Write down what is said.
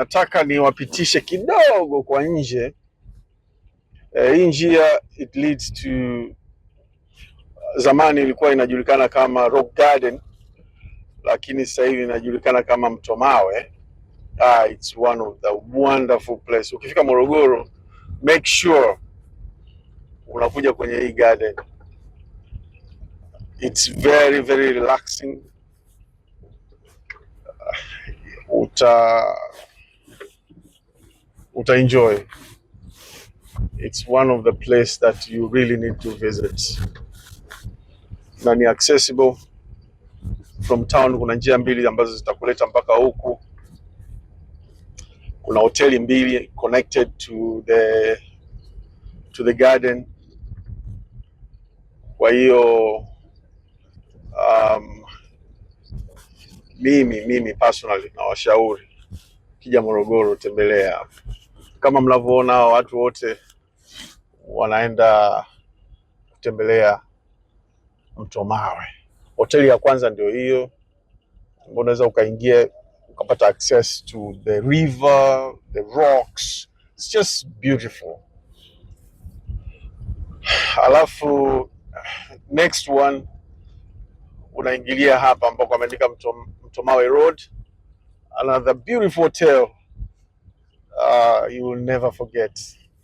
nataka niwapitishe kidogo kwa nje. E, hii njia it leads to zamani ilikuwa inajulikana kama Rock Garden, lakini sasa hivi inajulikana kama Mto Mawe. Ah, it's one of the wonderful place. Ukifika Morogoro, make sure unakuja kwenye hii garden. It's very very relaxing. Uh, Uta utaenjoy. It's one of the place that you really need to visit, na ni accessible from town. Kuna njia mbili ambazo zitakuleta mpaka huku. Kuna hoteli mbili connected to the, to the garden. Kwa hiyo um, mimi mimi personally na washauri kija Morogoro, tembelea hapo. Kama mnavyoona watu wote wanaenda kutembelea Mto Mawe. Hoteli ya kwanza ndio hiyo ambayo unaweza ukaingia ukapata access to the river, the rocks. It's just beautiful. Alafu next one unaingilia hapa ambako ameandika Mto, Mto Mawe Road. Another beautiful hotel you will never forget.